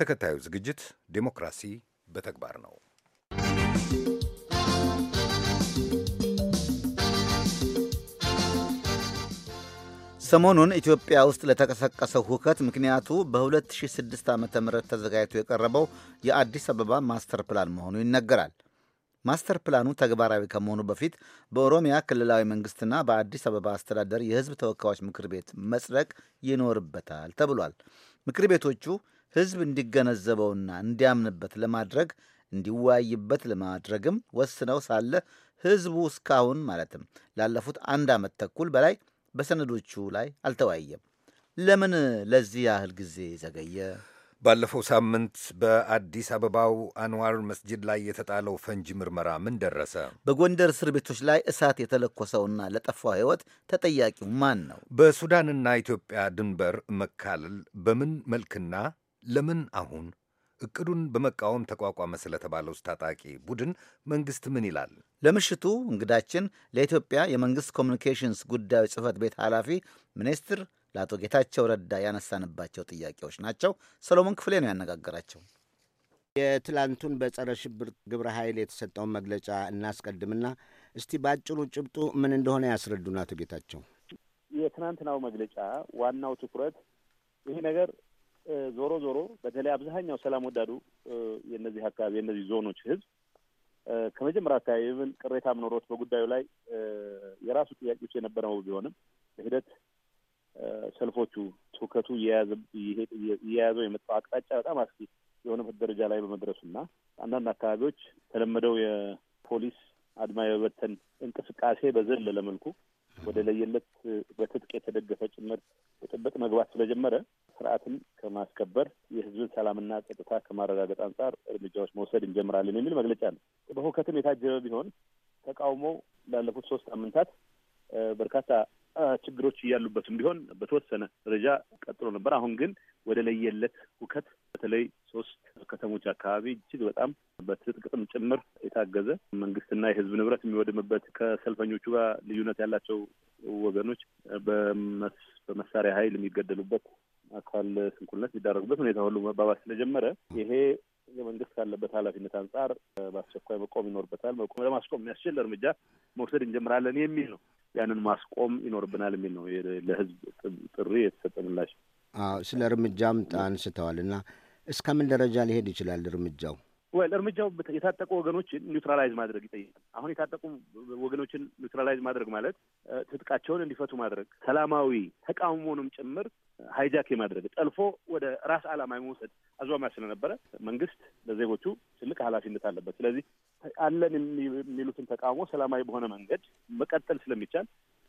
ተከታዩ ዝግጅት ዴሞክራሲ በተግባር ነው። ሰሞኑን ኢትዮጵያ ውስጥ ለተቀሰቀሰው ሁከት ምክንያቱ በ2006 ዓ ም ተዘጋጅቶ የቀረበው የአዲስ አበባ ማስተር ፕላን መሆኑ ይነገራል። ማስተር ፕላኑ ተግባራዊ ከመሆኑ በፊት በኦሮሚያ ክልላዊ መንግስትና በአዲስ አበባ አስተዳደር የህዝብ ተወካዮች ምክር ቤት መጽደቅ ይኖርበታል ተብሏል። ምክር ቤቶቹ ሕዝብ እንዲገነዘበውና እንዲያምንበት ለማድረግ እንዲወያይበት ለማድረግም ወስነው ሳለ ሕዝቡ እስካሁን ማለትም ላለፉት አንድ ዓመት ተኩል በላይ በሰነዶቹ ላይ አልተወያየም። ለምን ለዚህ ያህል ጊዜ ዘገየ? ባለፈው ሳምንት በአዲስ አበባው አንዋር መስጂድ ላይ የተጣለው ፈንጂ ምርመራ ምን ደረሰ? በጎንደር እስር ቤቶች ላይ እሳት የተለኮሰውና ለጠፋው ሕይወት ተጠያቂው ማን ነው? በሱዳንና ኢትዮጵያ ድንበር መካለል በምን መልክና ለምን አሁን እቅዱን በመቃወም ተቋቋመ ስለተባለው ታጣቂ ቡድን መንግስት ምን ይላል? ለምሽቱ እንግዳችን ለኢትዮጵያ የመንግስት ኮሚኒኬሽንስ ጉዳዮች ጽህፈት ቤት ኃላፊ ሚኒስትር ለአቶ ጌታቸው ረዳ ያነሳንባቸው ጥያቄዎች ናቸው። ሰሎሞን ክፍሌ ነው ያነጋገራቸው። የትላንቱን በጸረ ሽብር ግብረ ኃይል የተሰጠውን መግለጫ እናስቀድምና እስቲ በአጭሩ ጭብጡ ምን እንደሆነ ያስረዱን አቶ ጌታቸው። የትናንትናው መግለጫ ዋናው ትኩረት ይህ ነገር ዞሮ ዞሮ በተለይ አብዛኛው ሰላም ወዳዱ የነዚህ አካባቢ የነዚህ ዞኖች ህዝብ ከመጀመሪያ አካባቢ ብን ቅሬታ ምኖሮት በጉዳዩ ላይ የራሱ ጥያቄዎች የነበረው ቢሆንም በሂደት ሰልፎቹ ትውከቱ እየያዘው የመጣው አቅጣጫ በጣም አስጊ የሆነበት ደረጃ ላይ በመድረሱ እና አንዳንድ አካባቢዎች ተለመደው የፖሊስ አድማ የበተን እንቅስቃሴ በዘለለ መልኩ ወደ ለየለት በትጥቅ የተደገፈ ጭምር ብጥብጥ መግባት ስለጀመረ ስርዓትን ከማስከበር የህዝብን ሰላምና ጸጥታ ከማረጋገጥ አንጻር እርምጃዎች መውሰድ እንጀምራለን የሚል መግለጫ ነው። በሁከትም የታጀበ ቢሆን ተቃውሞ ላለፉት ሶስት ሳምንታት በርካታ ችግሮች እያሉበትም ቢሆን በተወሰነ ደረጃ ቀጥሎ ነበር። አሁን ግን ወደ ለየለት ሁከት በተለይ ሶስት ከተሞች አካባቢ እጅግ በጣም በትጥቅጥም ጭምር የታገዘ መንግስትና የህዝብ ንብረት የሚወድምበት ከሰልፈኞቹ ጋር ልዩነት ያላቸው ወገኖች በመሳሪያ ኃይል የሚገደሉበት አካል ስንኩልነት የሚዳረጉበት ሁኔታ ሁሉ መባባስ ስለጀመረ ይሄ የመንግስት ካለበት ኃላፊነት አንጻር በአስቸኳይ መቆም ይኖርበታል። መቆም ለማስቆም የሚያስችል እርምጃ መውሰድ እንጀምራለን የሚል ነው። ያንን ማስቆም ይኖርብናል የሚል ነው ለህዝብ ጥሪ የተሰጠ ምላሽ። ስለ እርምጃም አንስተዋል እና እስከምን ደረጃ ሊሄድ ይችላል እርምጃው? ወይ እርምጃው የታጠቁ ወገኖችን ኒውትራላይዝ ማድረግ ይጠይቃል። አሁን የታጠቁ ወገኖችን ኒውትራላይዝ ማድረግ ማለት ትጥቃቸውን እንዲፈቱ ማድረግ፣ ሰላማዊ ተቃውሞንም ጭምር ሀይጃክ የማድረግ ጠልፎ ወደ ራስ ዓላማ የመውሰድ አዟማ ስለነበረ መንግስት ለዜጎቹ ትልቅ ኃላፊነት አለበት። ስለዚህ አለን የሚሉትን ተቃውሞ ሰላማዊ በሆነ መንገድ መቀጠል ስለሚቻል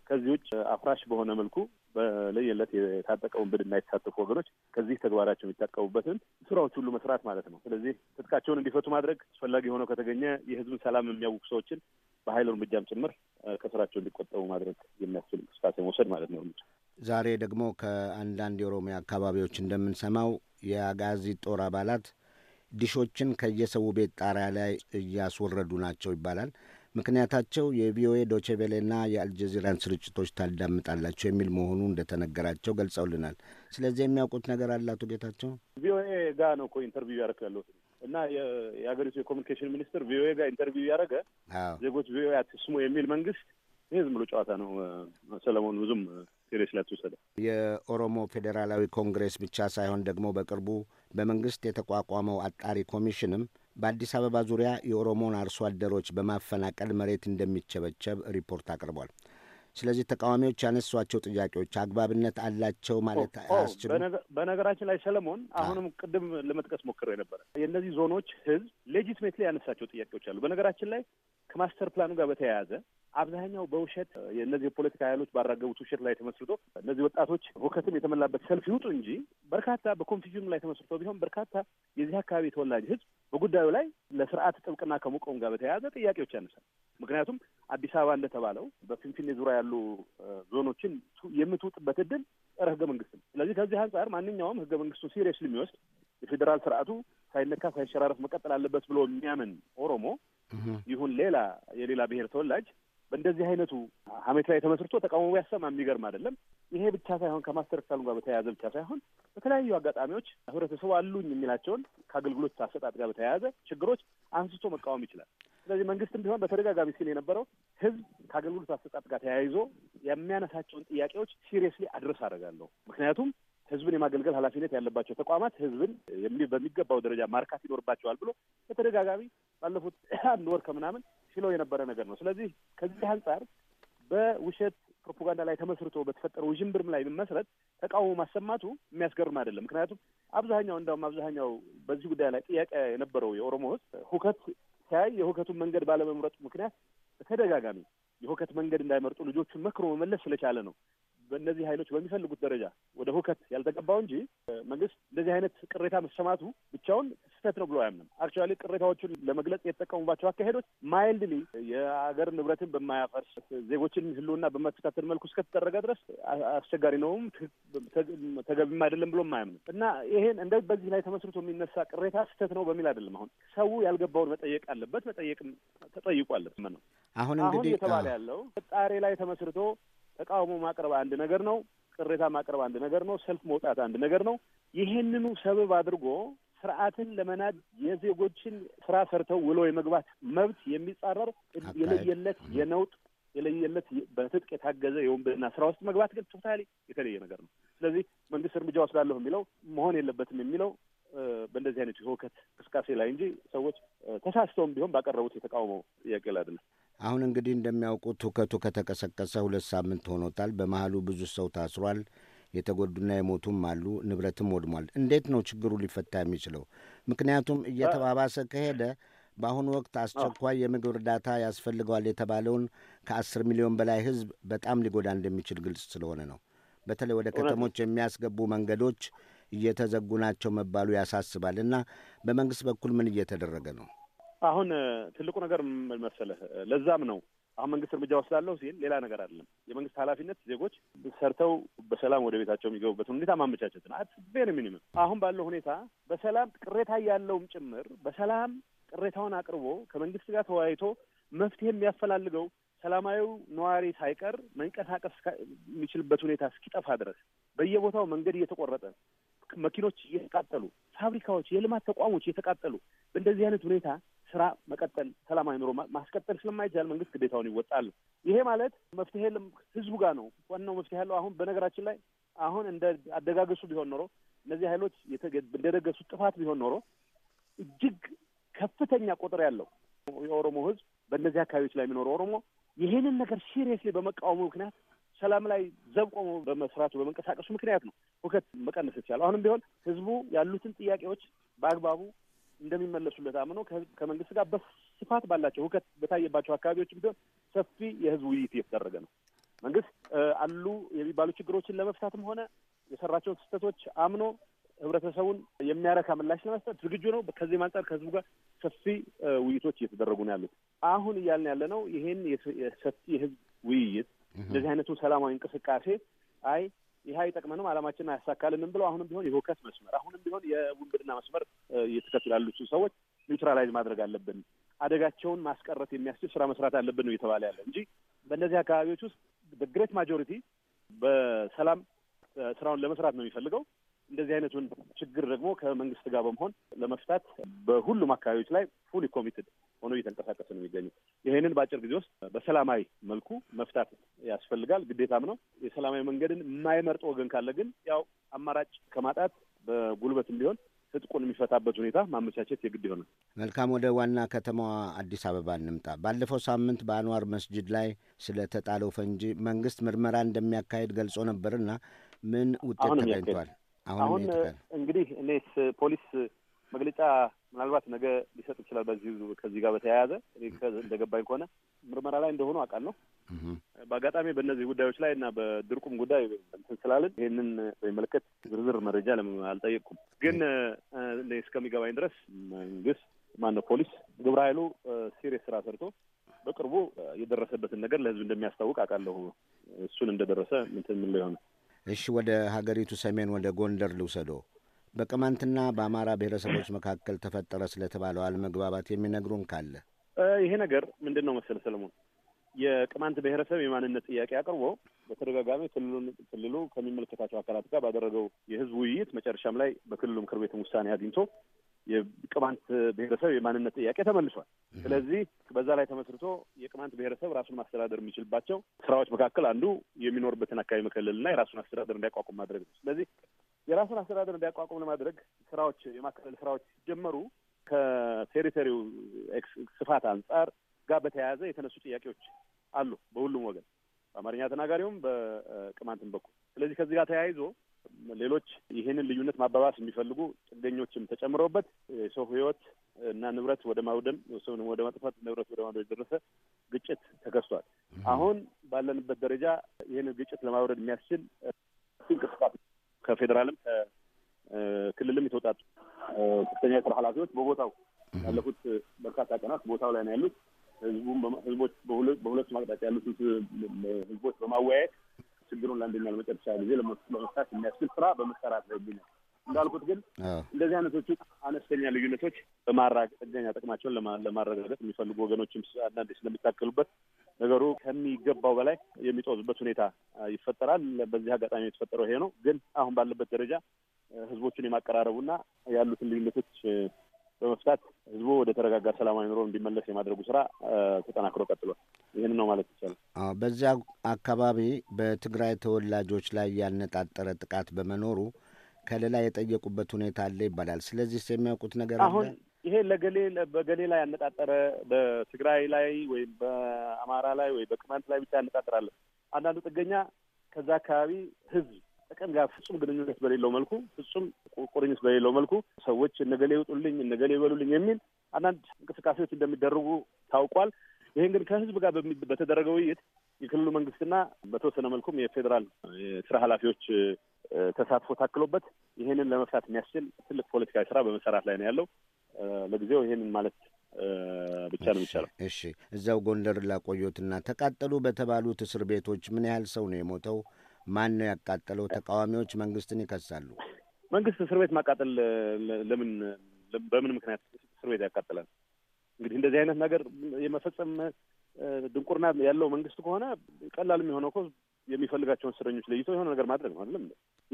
ከዚህ ውጭ አፍራሽ በሆነ መልኩ በለየለት የታጠቀውን ብድ እና የተሳተፉ ወገኖች ከዚህ ተግባራቸው የሚታቀሙበትን ስራዎች ሁሉ መስራት ማለት ነው። ስለዚህ ትጥቃቸውን እንዲፈቱ ማድረግ አስፈላጊ ሆነው ከተገኘ የህዝብን ሰላም የሚያውቁ ሰዎችን በሀይል እርምጃም ጭምር ከስራቸው እንዲቆጠቡ ማድረግ የሚያስችል እንቅስቃሴ መውሰድ ማለት ነው። እርምጃ ዛሬ ደግሞ ከአንዳንድ የኦሮሚያ አካባቢዎች እንደምንሰማው የአጋዚ ጦር አባላት ዲሾችን ከየሰው ቤት ጣሪያ ላይ እያስወረዱ ናቸው ይባላል። ምክንያታቸው የቪኦኤ ዶቼቬሌና የአልጀዚራን ስርጭቶች ታዳምጣላቸው የሚል መሆኑ እንደተነገራቸው ገልጸውልናል። ስለዚህ የሚያውቁት ነገር አለ። አቶ ጌታቸው ቪኦኤ ጋ ነው እኮ ኢንተርቪው ያደረኩ ያለሁት እና የሀገሪቱ የኮሚኒኬሽን ሚኒስትር ቪኦኤ ጋር ኢንተርቪው ያደረገ ዜጎች ቪኦኤ አትስሙ የሚል መንግስት ይህ ዝም ብሎ ጨዋታ ነው ሰለሞን፣ ብዙም ሴሪየስ ላትወሰደ የኦሮሞ ፌዴራላዊ ኮንግሬስ ብቻ ሳይሆን ደግሞ በቅርቡ በመንግስት የተቋቋመው አጣሪ ኮሚሽንም በአዲስ አበባ ዙሪያ የኦሮሞን አርሶ አደሮች በማፈናቀል መሬት እንደሚቸበቸብ ሪፖርት አቅርቧል። ስለዚህ ተቃዋሚዎች ያነሷቸው ጥያቄዎች አግባብነት አላቸው ማለት አያስችሉ። በነገራችን ላይ ሰለሞን፣ አሁንም ቅድም ለመጥቀስ ሞክሬ ነበረ። የእነዚህ ዞኖች ህዝብ ሌጂትሜት ላይ ያነሳቸው ጥያቄዎች አሉ። በነገራችን ላይ ከማስተር ፕላኑ ጋር በተያያዘ አብዛኛው በውሸት የእነዚህ የፖለቲካ ኃይሎች ባራገቡት ውሸት ላይ ተመስርቶ እነዚህ ወጣቶች ሁከትም የተመላበት ሰልፍ ይውጡ እንጂ በርካታ በኮንፊዥኑ ላይ ተመስርቶ ቢሆን በርካታ የዚህ አካባቢ ተወላጅ ሕዝብ በጉዳዩ ላይ ለስርዓት ጥብቅና ከመቆም ጋር በተያያዘ ጥያቄዎች ያነሳል። ምክንያቱም አዲስ አበባ እንደተባለው በፊንፊኔ ዙሪያ ያሉ ዞኖችን የምትውጥበት እድል ጸረ ሕገ መንግስት ነው። ስለዚህ ከዚህ አንጻር ማንኛውም ሕገ መንግስቱን ሲሪየስ የሚወስድ የፌዴራል ስርዓቱ ሳይነካ ሳይሸራረፍ መቀጠል አለበት ብሎ የሚያምን ኦሮሞ ይሁን ሌላ የሌላ ብሔር ተወላጅ በእንደዚህ አይነቱ ሀሜት ላይ ተመስርቶ ተቃውሞ ቢያሰማ የሚገርም አይደለም። ይሄ ብቻ ሳይሆን ከማስተር ካሉ ጋር በተያያዘ ብቻ ሳይሆን በተለያዩ አጋጣሚዎች ህብረተሰቡ አሉኝ የሚላቸውን ከአገልግሎት አሰጣጥ ጋር በተያያዘ ችግሮች አንስቶ መቃወም ይችላል። ስለዚህ መንግስትም ቢሆን በተደጋጋሚ ሲል የነበረው ህዝብ ከአገልግሎት አሰጣጥ ጋር ተያይዞ የሚያነሳቸውን ጥያቄዎች ሲሪየስሊ አድረስ አደርጋለሁ። ምክንያቱም ህዝብን የማገልገል ኃላፊነት ያለባቸው ተቋማት ህዝብን በሚገባው ደረጃ ማርካት ይኖርባቸዋል ብሎ በተደጋጋሚ ባለፉት አንድ ወር ከምናምን ሲለው የነበረ ነገር ነው። ስለዚህ ከዚህ አንጻር በውሸት ፕሮፓጋንዳ ላይ ተመስርቶ በተፈጠረው ውዥንብርም ላይ መመስረት ተቃውሞ ማሰማቱ የሚያስገርም አይደለም። ምክንያቱም አብዛኛው እንዲያውም አብዛኛው በዚህ ጉዳይ ላይ ጥያቄ የነበረው የኦሮሞ ህዝብ ሁከት ሲያይ የሁከቱን መንገድ ባለመምረጡ ምክንያት በተደጋጋሚ የሁከት መንገድ እንዳይመርጡ ልጆቹን መክሮ መመለስ ስለቻለ ነው በእነዚህ ኃይሎች በሚፈልጉት ደረጃ ወደ ሁከት ያልተገባው እንጂ መንግስት እንደዚህ አይነት ቅሬታ መሰማቱ ብቻውን ስህተት ነው ብሎ አያምንም። አክቹዋሊ ቅሬታዎቹን ለመግለጽ የተጠቀሙባቸው አካሄዶች ማይልድሊ የሀገር ንብረትን በማያፈርስ ዜጎችን ህልውና በማተካተል መልኩ እስከተደረገ ድረስ አስቸጋሪ ነውም ተገቢም አይደለም ብሎ አያምንም እና ይሄን እንደ በዚህ ላይ ተመስርቶ የሚነሳ ቅሬታ ስህተት ነው በሚል አይደለም። አሁን ሰው ያልገባውን መጠየቅ አለበት፣ መጠየቅም ተጠይቋለት ነው አሁን እንግዲህ እየተባለ ያለው ጣሬ ላይ ተመስርቶ ተቃውሞ ማቅረብ አንድ ነገር ነው። ቅሬታ ማቅረብ አንድ ነገር ነው። ሰልፍ መውጣት አንድ ነገር ነው። ይህንኑ ሰበብ አድርጎ ስርዓትን ለመናድ የዜጎችን ስራ ሰርተው ውሎ የመግባት መብት የሚጻረር የለየለት የነውጥ የለየለት በትጥቅ የታገዘ የወንብድና ስራ ውስጥ መግባት ግን ቶታሊ የተለየ ነገር ነው። ስለዚህ መንግስት እርምጃ ወስዳለሁ የሚለው መሆን የለበትም የሚለው በእንደዚህ አይነት የሁከት እንቅስቃሴ ላይ እንጂ ሰዎች ተሳስተውም ቢሆን ባቀረቡት የተቃውሞ ጥያቄ ላይ አይደለም። አሁን እንግዲህ እንደሚያውቁት ሁከቱ ከተቀሰቀሰ ሁለት ሳምንት ሆኖታል። በመሀሉ ብዙ ሰው ታስሯል። የተጎዱና የሞቱም አሉ። ንብረትም ወድሟል። እንዴት ነው ችግሩ ሊፈታ የሚችለው? ምክንያቱም እየተባባሰ ከሄደ በአሁኑ ወቅት አስቸኳይ የምግብ እርዳታ ያስፈልገዋል የተባለውን ከአስር ሚሊዮን በላይ ሕዝብ በጣም ሊጎዳ እንደሚችል ግልጽ ስለሆነ ነው። በተለይ ወደ ከተሞች የሚያስገቡ መንገዶች እየተዘጉ ናቸው መባሉ ያሳስባል እና በመንግስት በኩል ምን እየተደረገ ነው? አሁን ትልቁ ነገር መሰለህ? ለዛም ነው አሁን መንግስት እርምጃ ወስዳለሁ ሲል ሌላ ነገር አይደለም። የመንግስት ኃላፊነት ዜጎች ሰርተው በሰላም ወደ ቤታቸው የሚገቡበትን ሁኔታ ማመቻቸት ነው። ቬሪ ሚኒምም አሁን ባለው ሁኔታ በሰላም ቅሬታ ያለውም ጭምር በሰላም ቅሬታውን አቅርቦ ከመንግስት ጋር ተወያይቶ መፍትሄ የሚያፈላልገው ሰላማዊው ነዋሪ ሳይቀር መንቀሳቀስ የሚችልበት ሁኔታ እስኪጠፋ ድረስ በየቦታው መንገድ እየተቆረጠ መኪኖች እየተቃጠሉ፣ ፋብሪካዎች፣ የልማት ተቋሞች እየተቃጠሉ በእንደዚህ አይነት ሁኔታ ስራ መቀጠል፣ ሰላማዊ ኑሮ ማስቀጠል ስለማይቻል መንግስት ግዴታውን ይወጣል። ይሄ ማለት መፍትሄ ህዝቡ ጋር ነው። ዋናው መፍትሄ ያለው አሁን በነገራችን ላይ አሁን እንደ አደጋገሱ ቢሆን ኖሮ እነዚህ ኃይሎች እንደደገሱት ጥፋት ቢሆን ኖሮ እጅግ ከፍተኛ ቁጥር ያለው የኦሮሞ ህዝብ በእነዚህ አካባቢዎች ላይ የሚኖረው ኦሮሞ ይህንን ነገር ሲሪየስሊ በመቃወሙ ምክንያት ሰላም ላይ ዘብ ቆሞ በመስራቱ በመንቀሳቀሱ ምክንያት ነው ሁከት መቀነስ የተቻለው። አሁንም ቢሆን ህዝቡ ያሉትን ጥያቄዎች በአግባቡ እንደሚመለሱለት አምኖ ከመንግስት ጋር በስፋት ባላቸው ሁከት በታየባቸው አካባቢዎችም ቢሆን ሰፊ የህዝብ ውይይት እየተደረገ ነው። መንግስት አሉ የሚባሉ ችግሮችን ለመፍታትም ሆነ የሰራቸውን ስህተቶች አምኖ ህብረተሰቡን የሚያረካ ምላሽ ለመስጠት ዝግጁ ነው። ከዚህም አንጻር ከህዝቡ ጋር ሰፊ ውይይቶች እየተደረጉ ነው ያሉት። አሁን እያልን ያለ ነው ይህን ሰፊ የህዝብ ውይይት እንደዚህ አይነቱ ሰላማዊ እንቅስቃሴ አይ ይህ አይጠቅመንም፣ አላማችንን አያሳካልንም ብለው አሁንም ቢሆን የሆከስ መስመር አሁንም ቢሆን የውንብድና መስመር እየተከተሉ ያሉት ሰዎች ኒውትራላይዝ ማድረግ አለብን፣ አደጋቸውን ማስቀረት የሚያስችል ስራ መስራት አለብን ነው እየተባለ ያለ እንጂ በእነዚህ አካባቢዎች ውስጥ በግሬት ማጆሪቲ በሰላም ስራውን ለመስራት ነው የሚፈልገው። እንደዚህ አይነቱን ችግር ደግሞ ከመንግስት ጋር በመሆን ለመፍታት በሁሉም አካባቢዎች ላይ ፉሊ ኮሚትድ ሆኖ እየተንቀሳቀሰ ነው የሚገኙ። ይህንን በአጭር ጊዜ ውስጥ በሰላማዊ መልኩ መፍታት ያስፈልጋል፣ ግዴታም ነው። የሰላማዊ መንገድን የማይመርጥ ወገን ካለ ግን ያው አማራጭ ከማጣት በጉልበትም ቢሆን ትጥቁን የሚፈታበት ሁኔታ ማመቻቸት የግድ ይሆናል። መልካም። ወደ ዋና ከተማዋ አዲስ አበባ እንምጣ። ባለፈው ሳምንት በአንዋር መስጂድ ላይ ተጣለው ፈንጂ መንግስት ምርመራ እንደሚያካሄድ ገልጾ ነበርና ምን ውጤት ተገኝቷል? አሁን እንግዲህ እኔ ፖሊስ መግለጫ ምናልባት ነገ ሊሰጥ ይችላል። በዚህ ከዚህ ጋር በተያያዘ እንደገባኝ ከሆነ ምርመራ ላይ እንደሆኑ አውቃለሁ። በአጋጣሚ በእነዚህ ጉዳዮች ላይ እና በድርቁም ጉዳይ እንትን ስላለን ይህንን በሚመለከት ዝርዝር መረጃ አልጠየቅኩም። ግን እስከሚገባኝ ድረስ መንግስት ማነው ፖሊስ ግብረ ኃይሉ ሲሪየስ ስራ ሰርቶ በቅርቡ የደረሰበትን ነገር ለህዝብ እንደሚያስታውቅ አውቃለሁ። እሱን እንደደረሰ ምንትን ምን ሊሆነ እሺ፣ ወደ ሀገሪቱ ሰሜን ወደ ጎንደር ልውሰዶ በቅማንትና በአማራ ብሔረሰቦች መካከል ተፈጠረ ስለተባለው አለመግባባት የሚነግሩን ካለ ይሄ ነገር ምንድን ነው መሰለ ሰለሞን የቅማንት ብሔረሰብ የማንነት ጥያቄ አቅርቦ በተደጋጋሚ ክልሉ ከሚመለከታቸው አካላት ጋር ባደረገው የህዝብ ውይይት መጨረሻም ላይ በክልሉ ምክር ቤትም ውሳኔ አግኝቶ የቅማንት ብሔረሰብ የማንነት ጥያቄ ተመልሷል። ስለዚህ በዛ ላይ ተመስርቶ የቅማንት ብሔረሰብ ራሱን ማስተዳደር የሚችልባቸው ስራዎች መካከል አንዱ የሚኖርበትን አካባቢ መከለልና የራሱን አስተዳደር እንዲያቋቁም ማድረግ ነው። ስለዚህ የራሱን አስተዳደር እንዲያቋቁም ለማድረግ ስራዎች የማከለል ስራዎች ሲጀመሩ ከቴሪቶሪው ስፋት አንጻር ጋር በተያያዘ የተነሱ ጥያቄዎች አሉ በሁሉም ወገን በአማርኛ ተናጋሪውም በቅማንትን በኩል። ስለዚህ ከዚህ ጋር ተያይዞ ሌሎች ይህንን ልዩነት ማባባስ የሚፈልጉ ጥገኞችም ተጨምረውበት የሰው ህይወት እና ንብረት ወደ ማውደም ሰው ወደ ማጥፋት ንብረት ወደ ማውደም የደረሰ ግጭት ተከስቷል። አሁን ባለንበት ደረጃ ይህን ግጭት ለማውረድ የሚያስችል እንቅስቃሴ ከፌዴራልም ከክልልም የተወጣጡ ከፍተኛ የስራ ኃላፊዎች በቦታው ያለፉት በርካታ ቀናት ቦታው ላይ ነው ያሉት። ህዝቡን ህዝቦች በሁለቱም አቅጣጫ ያሉትን ህዝቦች በማወያየት ችግሩን ለአንደኛ ለመጨረሻ ጊዜ ለመፍታት የሚያስችል ስራ በመሰራት ላይ ይገኛል። እንዳልኩት ግን እንደዚህ አይነቶቹ አነስተኛ ልዩነቶች በማራቅ ጥገኛ ጥቅማቸውን ለማረጋገጥ የሚፈልጉ ወገኖችም አንዳንድ ስለሚታከሉበት ነገሩ ከሚገባው በላይ የሚጦዝበት ሁኔታ ይፈጠራል። በዚህ አጋጣሚ የተፈጠረው ይሄ ነው። ግን አሁን ባለበት ደረጃ ህዝቦቹን የማቀራረቡና ያሉትን ልዩነቶች እንዲመለስ የማድረጉ ስራ ተጠናክሮ ቀጥሏል። ይህን ነው ማለት ይቻላል። በዚያ አካባቢ በትግራይ ተወላጆች ላይ ያነጣጠረ ጥቃት በመኖሩ ከሌላ የጠየቁበት ሁኔታ አለ ይባላል። ስለዚህ የሚያውቁት ነገር አሁን ይሄ ለገሌ በገሌ ላይ ያነጣጠረ በትግራይ ላይ ወይም በአማራ ላይ ወይ በቅማንት ላይ ብቻ ያነጣጠራለን። አንዳንዱ ጥገኛ ከዛ አካባቢ ህዝብ ጥቅም ጋር ፍጹም ግንኙነት በሌለው መልኩ ፍጹም ቁርኝት በሌለው መልኩ ሰዎች እነገሌ ይውጡልኝ እነገሌ ይበሉልኝ የሚል አንዳንድ እንቅስቃሴዎች እንደሚደረጉ ታውቋል። ይህን ግን ከህዝብ ጋር በተደረገ ውይይት የክልሉ መንግስትና በተወሰነ መልኩም የፌዴራል የስራ ኃላፊዎች ተሳትፎ ታክሎበት ይህንን ለመፍታት የሚያስችል ትልቅ ፖለቲካዊ ስራ በመሰራት ላይ ነው ያለው። ለጊዜው ይህንን ማለት ብቻ ነው የሚቻለው። እሺ፣ እዚያው ጎንደር ላቆዮትና ተቃጠሉ በተባሉት እስር ቤቶች ምን ያህል ሰው ነው የሞተው? ማን ነው ያቃጠለው? ተቃዋሚዎች መንግስትን ይከሳሉ። መንግስት እስር ቤት ማቃጠል ለምን በምን ምክንያት እስር ቤት ያቃጥላል? እንግዲህ እንደዚህ አይነት ነገር የመፈጸም ድንቁርና ያለው መንግስት ከሆነ ቀላል የሚሆነው እኮ የሚፈልጋቸውን እስረኞች ለይቶ የሆነ ነገር ማድረግ ነው አይደለም?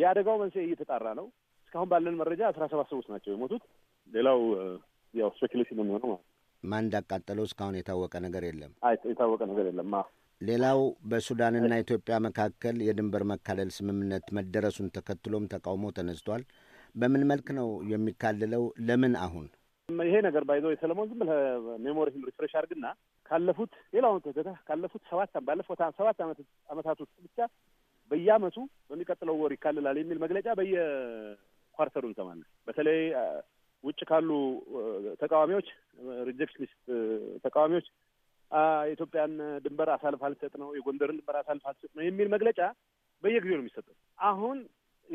የአደጋው መንስኤ እየተጣራ ነው። እስካሁን ባለን መረጃ አስራ ሰባት ሰዎች ናቸው የሞቱት። ሌላው ያው ስፔኪሌሽን ነው የሚሆነው ማለት ነው። ማን እንዳቃጠለው እስካሁን የታወቀ ነገር የለም። አይ የታወቀ ነገር የለም። ሌላው በሱዳንና ኢትዮጵያ መካከል የድንበር መካለል ስምምነት መደረሱን ተከትሎም ተቃውሞ ተነስቷል። በምን መልክ ነው የሚካልለው? ለምን አሁን ይሄ ነገር ባይዞ የሰለሞን ዝም ብለህ ሜሞሪህን ሪፍሬሽ አድርግና ካለፉት ሌላውን ተገታ ካለፉት ሰባት ባለፉት ሰባት አመታት ውስጥ ብቻ በየአመቱ በሚቀጥለው ወር ይካልላል የሚል መግለጫ በየኳርተሩ እንሰማለን። በተለይ ውጭ ካሉ ተቃዋሚዎች ሪጀክሽኒስት ተቃዋሚዎች የኢትዮጵያን ድንበር አሳልፍ አልሰጥ ነው፣ የጎንደርን ድንበር አሳልፍ አልሰጥ ነው የሚል መግለጫ በየጊዜው ነው የሚሰጠው። አሁን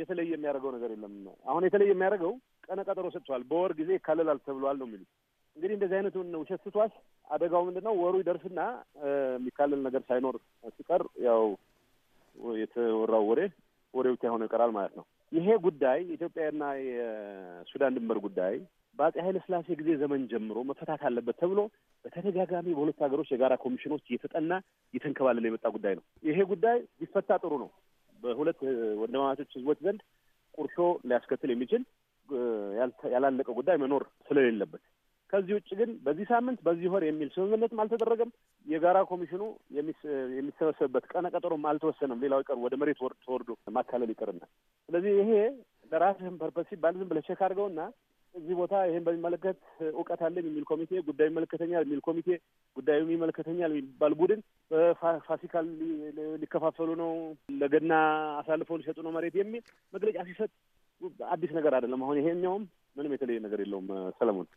የተለየ የሚያደርገው ነገር የለም። አሁን የተለየ የሚያደርገው ቀነ ቀጠሮ ሰጥቷል፣ በወር ጊዜ ይካለላል ተብሏል ነው የሚሉት። እንግዲህ እንደዚህ አይነቱን ውሸት ስቷስ አደጋው ምንድን ነው? ወሩ ይደርስና የሚካለል ነገር ሳይኖር ሲቀር ያው የተወራው ወሬ ወሬ ብቻ ሆኖ ይቀራል ማለት ነው። ይሄ ጉዳይ የኢትዮጵያና የሱዳን ድንበር ጉዳይ በአጼ ኃይለ ስላሴ ጊዜ ዘመን ጀምሮ መፈታት አለበት ተብሎ በተደጋጋሚ በሁለቱ ሀገሮች የጋራ ኮሚሽኖች እየተጠና እየተንከባለለ የመጣ ጉዳይ ነው። ይሄ ጉዳይ ቢፈታ ጥሩ ነው። በሁለት ወንድማማቾች ህዝቦች ዘንድ ቁርሾ ሊያስከትል የሚችል ያላለቀ ጉዳይ መኖር ስለሌለበት ከዚህ ውጭ ግን በዚህ ሳምንት በዚህ ወር የሚል ስምምነትም አልተደረገም። የጋራ ኮሚሽኑ የሚሰበሰብበት ቀነ ቀጠሮም አልተወሰነም። ሌላው ይቀር ወደ መሬት ተወርዶ ማካለል ይቅርና ስለዚህ ይሄ ለራስህም ፐርፐስ ሲባል ዝም ብለህ ቼክ አድርገውና እዚህ ቦታ ይህን በሚመለከት እውቀት አለኝ የሚል ኮሚቴ፣ ጉዳዩ ይመለከተኛል የሚል ኮሚቴ፣ ጉዳዩ ይመለከተኛል የሚባል ቡድን በፋሲካል ሊከፋፈሉ ነው፣ ለገና አሳልፈው ሊሰጡ ነው መሬት የሚል መግለጫ ሲሰጥ አዲስ ነገር አይደለም። አሁን ይሄኛውም ምንም የተለየ ነገር የለውም። ሰለሞን፣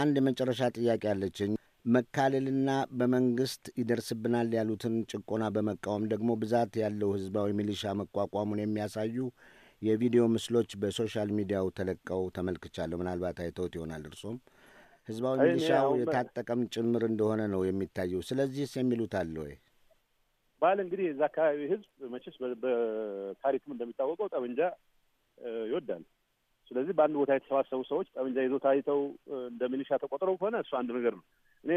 አንድ የመጨረሻ ጥያቄ አለችኝ። መካለልና በመንግስት ይደርስብናል ያሉትን ጭቆና በመቃወም ደግሞ ብዛት ያለው ህዝባዊ ሚሊሻ መቋቋሙን የሚያሳዩ የቪዲዮ ምስሎች በሶሻል ሚዲያው ተለቀው ተመልክቻለሁ። ምናልባት አይተውት ይሆናል እርሶም። ህዝባዊ ሚሊሻው የታጠቀም ጭምር እንደሆነ ነው የሚታየው። ስለዚህስ የሚሉት አለ ወይ? ባል እንግዲህ እዛ አካባቢ ህዝብ መቼስ በታሪክም እንደሚታወቀው ጠመንጃ ይወዳል። ስለዚህ በአንድ ቦታ የተሰባሰቡ ሰዎች ጠመንጃ ይዞ ታይተው እንደ ሚሊሻ ተቆጥረው ከሆነ እሱ አንድ ነገር ነው። እኔ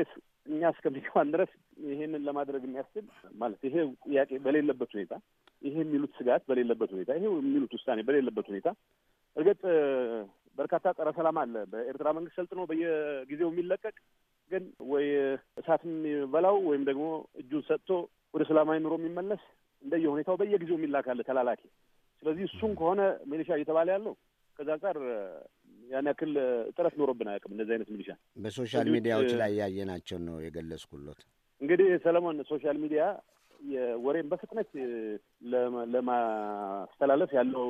እኛ እስከሚገባን ድረስ ይሄንን ለማድረግ የሚያስችል ማለት ይሄ ጥያቄ በሌለበት ሁኔታ ይሄ የሚሉት ስጋት በሌለበት ሁኔታ ይሄ የሚሉት ውሳኔ በሌለበት ሁኔታ እርግጥ በርካታ ጸረ ሰላም አለ በኤርትራ መንግስት ሰልጥኖ በየጊዜው የሚለቀቅ ግን ወይ እሳት የሚበላው ወይም ደግሞ እጁን ሰጥቶ ወደ ሰላማዊ ኑሮ የሚመለስ እንደየ ሁኔታው በየጊዜው የሚላካለ ተላላኪ። ስለዚህ እሱም ከሆነ ሚሊሻ እየተባለ ያለው ከዛ አንጻር ያን ያክል ጥረት ኖሮብን አያውቅም። እንደዚህ አይነት ሚሊሻ በሶሻል ሚዲያዎች ላይ ያየናቸው ነው የገለጽኩሎት። እንግዲህ ሰለሞን ሶሻል ሚዲያ ወሬን በፍጥነት ለማስተላለፍ ያለው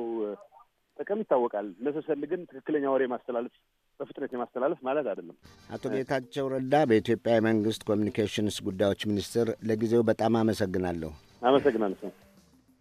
ጥቅም ይታወቃል። ነሰሰል ግን ትክክለኛ ወሬ ማስተላለፍ በፍጥነት የማስተላለፍ ማለት አይደለም። አቶ ጌታቸው ረዳ በኢትዮጵያ የመንግስት ኮሚኒኬሽንስ ጉዳዮች ሚኒስቴር፣ ለጊዜው በጣም አመሰግናለሁ። አመሰግናለሁ።